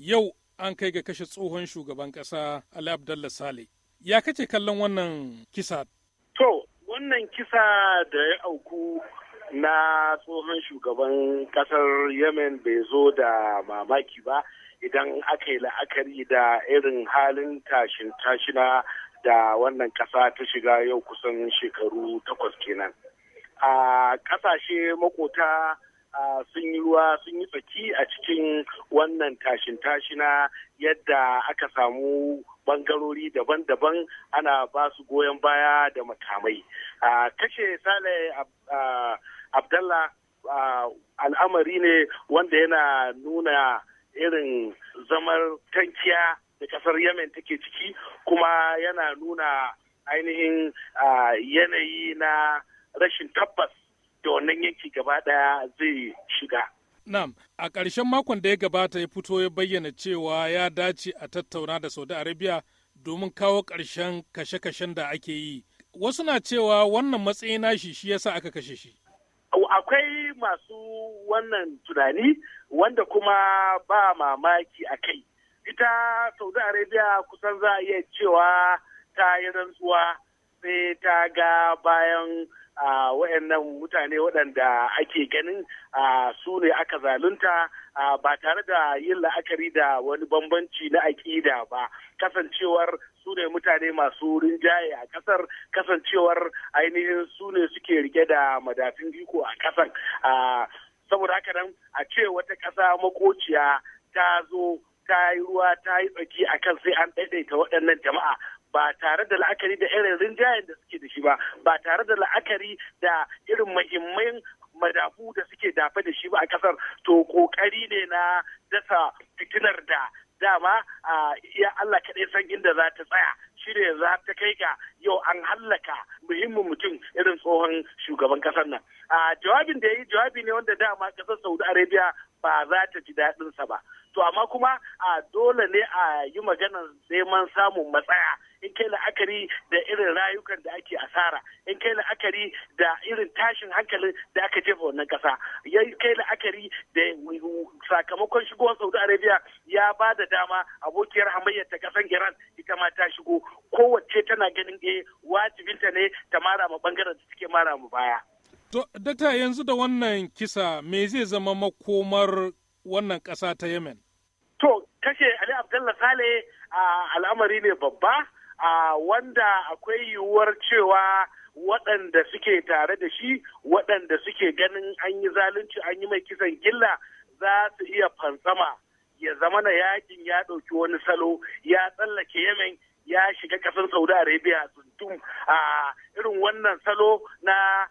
yau an kai ga kashe tsohon shugaban ƙasa Ali Abdullah Sale. Ya kace kallon wannan kisa? To, wannan kisa da ya auku na tsohon shugaban ƙasar Yemen bai zo da mamaki ba idan aka yi la'akari da irin halin tashin tashina da wannan ƙasa ta shiga yau kusan shekaru takwas kenan. A ƙasashe makota sun yi ruwa sun yi tsaki a cikin wannan tashin tashina yadda aka samu bangarori daban-daban ana ba su goyon baya da makamai kashe sale abdallah al'amari ne wanda yana nuna irin zamar tankiya da kasar yemen take ciki kuma yana nuna ainihin yanayi na rashin tabbas wannan yanki gaba ɗaya zai shiga. Na'am, a ƙarshen makon da ya gabata ya fito ya bayyana cewa ya dace a tattauna da Saudi Arabia domin kawo ƙarshen kashe-kashen da ake yi. Wasu na cewa wannan matsayin nashi shi yasa aka kashe shi. Akwai masu wannan tunani wanda kuma ba mamaki a kai. Ita Saudi Arabia kusan za a iya cewa ta yi rantsuwa sai ta ga bayan wa'annan mutane waɗanda ake ganin su ne aka zalunta ba tare da yin la'akari da wani bambanci na aƙida ba kasancewar su ne mutane masu rinjaye a ƙasar kasancewar ainihin su ne suke rike da madafin iko a kasar saboda haka nan a ce wata ƙasa makociya ta zo ta yi ruwa ta yi tsaki kan sai an ɗaiɗaita waɗannan jama'a ba tare da la'akari da irin rinjayen da suke da shi ba ba tare da la'akari da irin muhimman madafu da suke dafa da shi ba a kasar to kokari ne na dasa fitinar da dama a iya Allah kaɗai san inda za ta tsaya shi ne za ta kai ga yau an hallaka muhimmin mutum irin tsohon shugaban kasar nan. A jawabin da ya yi jawabi ne wanda dama kasar Saudi Arabia ba za ta ji daɗinsa ba. To amma kuma a dole ne a yi maganar neman samun matsaya in kai la'akari da irin rayukan da ake asara in kai la'akari da irin tashin hankalin da aka jefa wannan kasa ya kai la'akari da sakamakon shigowar saudi arabia ya ba da dama abokiyar hamayyar ta kasan iran ita ma ta shigo kowace tana ganin eh wajibinta ne ta mara ma bangaren da suke mara mu baya To, data yanzu da wannan kisa me zai zama makomar wannan kasa ta Yemen? To, kashe Ali Abdullah Sale a al'amari ne babba wanda akwai yiwuwar cewa waɗanda suke tare da shi waɗanda suke ganin an yi zalunci an yi mai kisan gilla za su iya fantsama ya zama na yakin ya ɗauki wani salo ya tsallake yemen ya shiga ƙasar saudi arabia tuntum a irin wannan salo na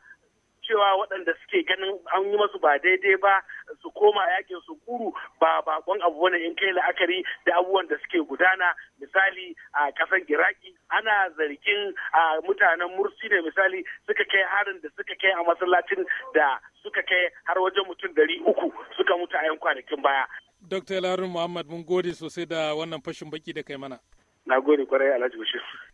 cewa waɗanda suke ganin an yi masu ba daidai ba su koma yakin su kuru ba bakon abu wani in kai la'akari da abubuwan da suke gudana misali a kasar iraki ana zargin a mutanen mursi ne misali suka kai harin da suka kai a masallacin da suka kai har wajen mutum dari uku suka mutu a yan kwanakin baya. Dr. Larun Muhammad mun gode sosai da wannan fashin baki da kai mana. Na gode kwarai Alhaji Bashir.